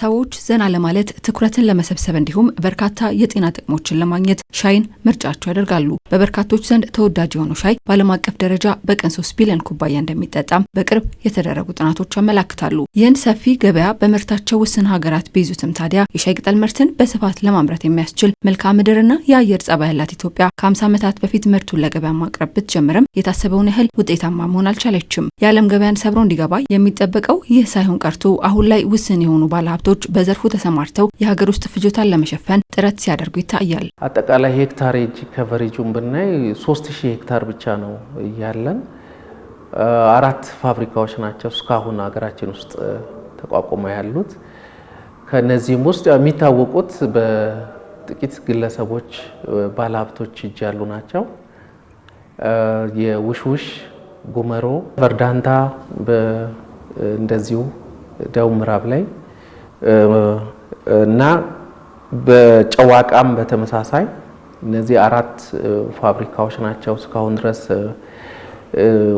ሰዎች ዘና ለማለት ትኩረትን ለመሰብሰብ እንዲሁም በርካታ የጤና ጥቅሞችን ለማግኘት ሻይን ምርጫቸው ያደርጋሉ። በበርካቶች ዘንድ ተወዳጅ የሆነው ሻይ በዓለም አቀፍ ደረጃ በቀን ሶስት ቢሊዮን ኩባያ እንደሚጠጣም በቅርብ የተደረጉ ጥናቶች ያመላክታሉ። ይህን ሰፊ ገበያ በምርታቸው ውስን ሀገራት ቢይዙትም ታዲያ የሻይ ቅጠል ምርትን በስፋት ለማምረት የሚያስችል መልክዓ ምድርና የአየር ጸባይ ያላት ኢትዮጵያ ከ50 ዓመታት በፊት ምርቱን ለገበያ ማቅረብ ብትጀምርም የታሰበውን ያህል ውጤታማ መሆን አልቻለችም። የዓለም ገበያን ሰብሮ እንዲገባ የሚጠበቀው ይህ ሳይሆን ቀርቶ አሁን ላይ ውስን የሆኑ ባለሀብ ባለሀብቶች በዘርፉ ተሰማርተው የሀገር ውስጥ ፍጆታን ለመሸፈን ጥረት ሲያደርጉ ይታያል። አጠቃላይ ሄክታሬጅ ከቨሬጁን ብናይ 3000 ሄክታር ብቻ ነው ያለን። አራት ፋብሪካዎች ናቸው እስካሁን ሀገራችን ውስጥ ተቋቁመው ያሉት። ከነዚህም ውስጥ የሚታወቁት በጥቂት ግለሰቦች ባለሀብቶች እጅ ያሉ ናቸው። የውሽውሽ፣ ጉመሮ፣ ቨርዳንታ እንደዚሁ ደቡብ ምዕራብ ላይ እና በጨዋቃም በተመሳሳይ እነዚህ አራት ፋብሪካዎች ናቸው እስካሁን ድረስ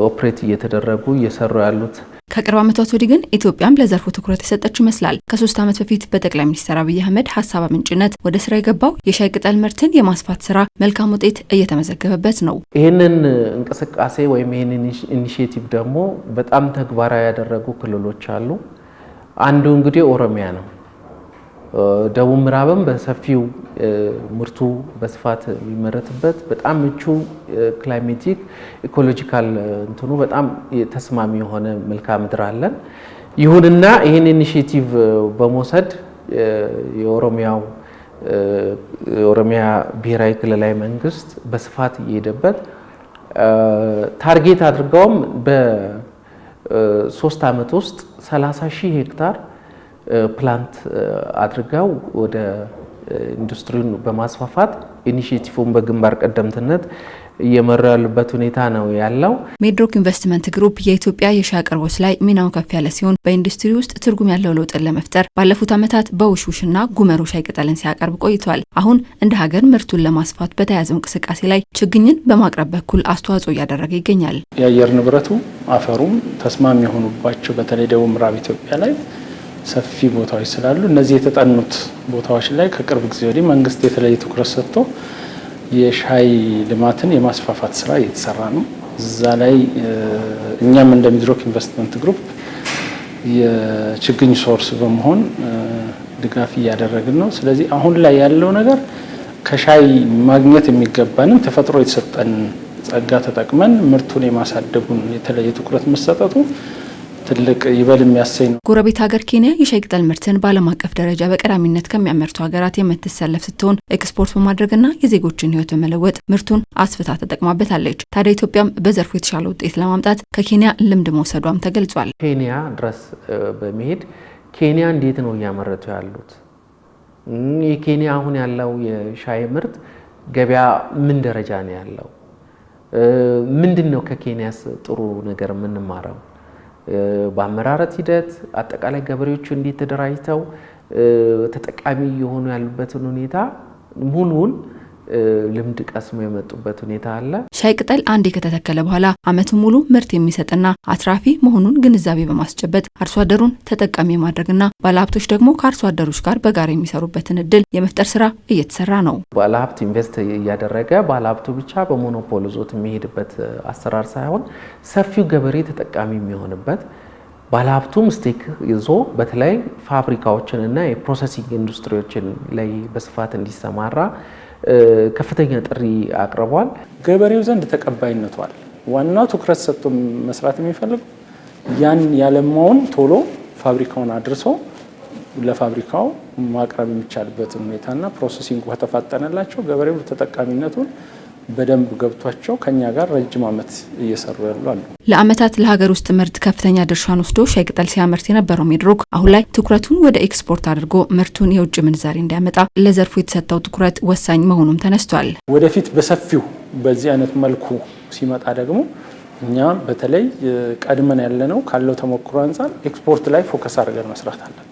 ኦፕሬት እየተደረጉ እየሰሩ ያሉት። ከቅርብ ዓመታት ወዲህ ግን ኢትዮጵያም ለዘርፉ ትኩረት የሰጠችው ይመስላል። ከሶስት ዓመት በፊት በጠቅላይ ሚኒስትር አብይ አህመድ ሀሳብ አምንጭነት ወደ ስራ የገባው የሻይ ቅጠል ምርትን የማስፋት ስራ መልካም ውጤት እየተመዘገበበት ነው። ይህንን እንቅስቃሴ ወይም ይህንን ኢኒሽቲቭ ደግሞ በጣም ተግባራዊ ያደረጉ ክልሎች አሉ። አንዱ እንግዲህ ኦሮሚያ ነው። ደቡብ ምዕራብም በሰፊው ምርቱ በስፋት የሚመረትበት በጣም ምቹ ክላይሜቲክ ኢኮሎጂካል እንትኑ በጣም ተስማሚ የሆነ መልክዓ ምድር አለን። ይሁንና ይህን ኢኒሽቲቭ በመውሰድ የኦሮሚያው የኦሮሚያ ብሔራዊ ክልላዊ መንግስት በስፋት እየሄደበት ታርጌት አድርገውም ሶስት ዓመት ውስጥ 30 ሺህ ሄክታር ፕላንት አድርገው ወደ ኢንዱስትሪውን በማስፋፋት ኢኒሽቲቭን በግንባር ቀደምትነት እየመራ ያሉበት ሁኔታ ነው ያለው። ሜድሮክ ኢንቨስትመንት ግሩፕ የኢትዮጵያ የሻይ አቅርቦት ላይ ሚናው ከፍ ያለ ሲሆን በኢንዱስትሪ ውስጥ ትርጉም ያለው ለውጥን ለመፍጠር ባለፉት ዓመታት በውሽውሽና ጉመሮ ሻይ ቅጠልን ሲያቀርብ ቆይቷል። አሁን እንደ ሀገር ምርቱን ለማስፋት በተያያዘው እንቅስቃሴ ላይ ችግኝን በማቅረብ በኩል አስተዋጽኦ እያደረገ ይገኛል። የአየር ንብረቱ አፈሩም ተስማሚ የሆኑባቸው በተለይ ደቡብ ምዕራብ ኢትዮጵያ ላይ ሰፊ ቦታዎች ስላሉ እነዚህ የተጠኑት ቦታዎች ላይ ከቅርብ ጊዜ ወዲህ መንግስት የተለየ ትኩረት ሰጥቶ የሻይ ልማትን የማስፋፋት ስራ እየተሰራ ነው። እዛ ላይ እኛም እንደ ሚድሮክ ኢንቨስትመንት ግሩፕ የችግኝ ሶርስ በመሆን ድጋፍ እያደረግን ነው። ስለዚህ አሁን ላይ ያለው ነገር ከሻይ ማግኘት የሚገባንን ተፈጥሮ የተሰጠን ጸጋ ተጠቅመን ምርቱን የማሳደጉን የተለየ ትኩረት መሰጠቱ ትልቅ ይበል የሚያሰኝ ነው። ጎረቤት ሀገር ኬንያ የሻይ ቅጠል ምርትን በዓለም አቀፍ ደረጃ በቀዳሚነት ከሚያመርቱ ሀገራት የምትሰለፍ ስትሆን ኤክስፖርት በማድረግና የዜጎችን ሕይወት በመለወጥ ምርቱን አስፍታ ተጠቅማበታለች። ታዲያ ኢትዮጵያም በዘርፉ የተሻለ ውጤት ለማምጣት ከኬንያ ልምድ መውሰዷም ተገልጿል። ኬንያ ድረስ በመሄድ ኬንያ እንዴት ነው እያመረቱ ያሉት? የኬንያ አሁን ያለው የሻይ ምርት ገበያ ምን ደረጃ ነው ያለው ምንድን ነው ከኬንያስ ጥሩ ነገር የምንማረው? በአመራረት ሂደት አጠቃላይ ገበሬዎቹ እንዴት ተደራጅተው ተጠቃሚ የሆኑ ያሉበትን ሁኔታ ሙሉውን ልምድ ቀስሞ የመጡበት ሁኔታ አለ። ሻይ ቅጠል አንዴ ከተተከለ በኋላ ዓመቱን ሙሉ ምርት የሚሰጥና አትራፊ መሆኑን ግንዛቤ በማስጨበጥ አርሶ አደሩን ተጠቃሚ የማድረግና ባለሀብቶች ደግሞ ከአርሶ አደሮች ጋር በጋራ የሚሰሩበትን እድል የመፍጠር ስራ እየተሰራ ነው። ባለሀብት ኢንቨስት እያደረገ ባለሀብቱ ብቻ በሞኖፖል ዞት የሚሄድበት አሰራር ሳይሆን ሰፊው ገበሬ ተጠቃሚ የሚሆንበት ባለሀብቱም ስቴክ ይዞ በተለይ ፋብሪካዎችን እና የፕሮሰሲንግ ኢንዱስትሪዎችን ላይ በስፋት እንዲሰማራ ከፍተኛ ጥሪ አቅርቧል። ገበሬው ዘንድ ተቀባይነቷል። ዋናው ትኩረት ሰጥቶ መስራት የሚፈልገው ያን ያለማውን ቶሎ ፋብሪካውን አድርሶ ለፋብሪካው ማቅረብ የሚቻልበትን ሁኔታና ፕሮሰሲንግ ከተፋጠነላቸው ገበሬው ተጠቃሚነቱን በደንብ ገብቷቸው ከኛ ጋር ረጅም ዓመት እየሰሩ ያሉ አሉ። ለዓመታት ለሀገር ውስጥ ምርት ከፍተኛ ድርሻን ወስዶ ሻይ ቅጠል ሲያመርት የነበረው ሚድሮክ አሁን ላይ ትኩረቱን ወደ ኤክስፖርት አድርጎ ምርቱን የውጭ ምንዛሬ እንዲያመጣ ለዘርፉ የተሰጠው ትኩረት ወሳኝ መሆኑም ተነስቷል። ወደፊት በሰፊው በዚህ አይነት መልኩ ሲመጣ ደግሞ እኛ በተለይ ቀድመን ያለነው ካለው ተሞክሮ አንጻር ኤክስፖርት ላይ ፎከስ አድርገን መስራት አለን።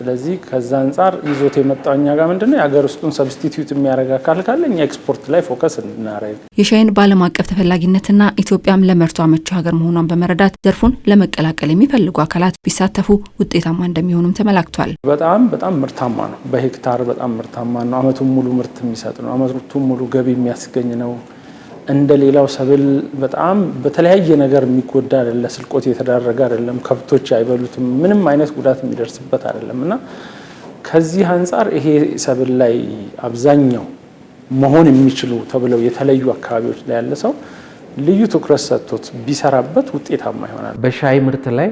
ስለዚህ ከዛ አንጻር ይዞት የመጣው እኛ ጋር ነው የሀገር ውስጡን ሰብስቲትዩት የሚያደርግ አካል ካለ እኛ ኤክስፖርት ላይ ፎከስ እናደረግ። የሻይን በዓለም አቀፍ ተፈላጊነትና ኢትዮጵያም ለምርቷ ምቹ ሀገር መሆኗን በመረዳት ዘርፉን ለመቀላቀል የሚፈልጉ አካላት ቢሳተፉ ውጤታማ እንደሚሆኑም ተመላክቷል። በጣም በጣም ምርታማ ነው። በሄክታር በጣም ምርታማ ነው። አመቱን ሙሉ ምርት የሚሰጥ ነው። አመቱን ሙሉ ገቢ የሚያስገኝ ነው። እንደ ሌላው ሰብል በጣም በተለያየ ነገር የሚጎዳ አይደለ፣ ስልቆት የተዳረገ አይደለም፣ ከብቶች አይበሉትም፣ ምንም አይነት ጉዳት የሚደርስበት አይደለም እና ከዚህ አንጻር ይሄ ሰብል ላይ አብዛኛው መሆን የሚችሉ ተብለው የተለዩ አካባቢዎች ላይ ያለ ሰው ልዩ ትኩረት ሰጥቶት ቢሰራበት ውጤታማ ይሆናል። በሻይ ምርት ላይ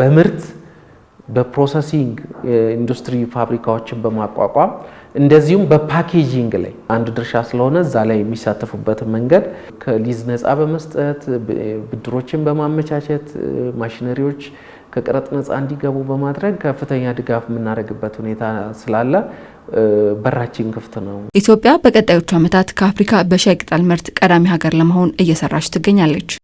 በምርት በፕሮሰሲንግ ኢንዱስትሪ ፋብሪካዎችን በማቋቋም እንደዚሁም በፓኬጂንግ ላይ አንድ ድርሻ ስለሆነ እዛ ላይ የሚሳተፉበት መንገድ ከሊዝ ነፃ በመስጠት ብድሮችን በማመቻቸት ማሽነሪዎች ከቀረጥ ነፃ እንዲገቡ በማድረግ ከፍተኛ ድጋፍ የምናደርግበት ሁኔታ ስላለ በራችን ክፍት ነው። ኢትዮጵያ በቀጣዮቹ ዓመታት ከአፍሪካ በሻይ ቅጠል ምርት ቀዳሚ ሀገር ለመሆን እየሰራች ትገኛለች።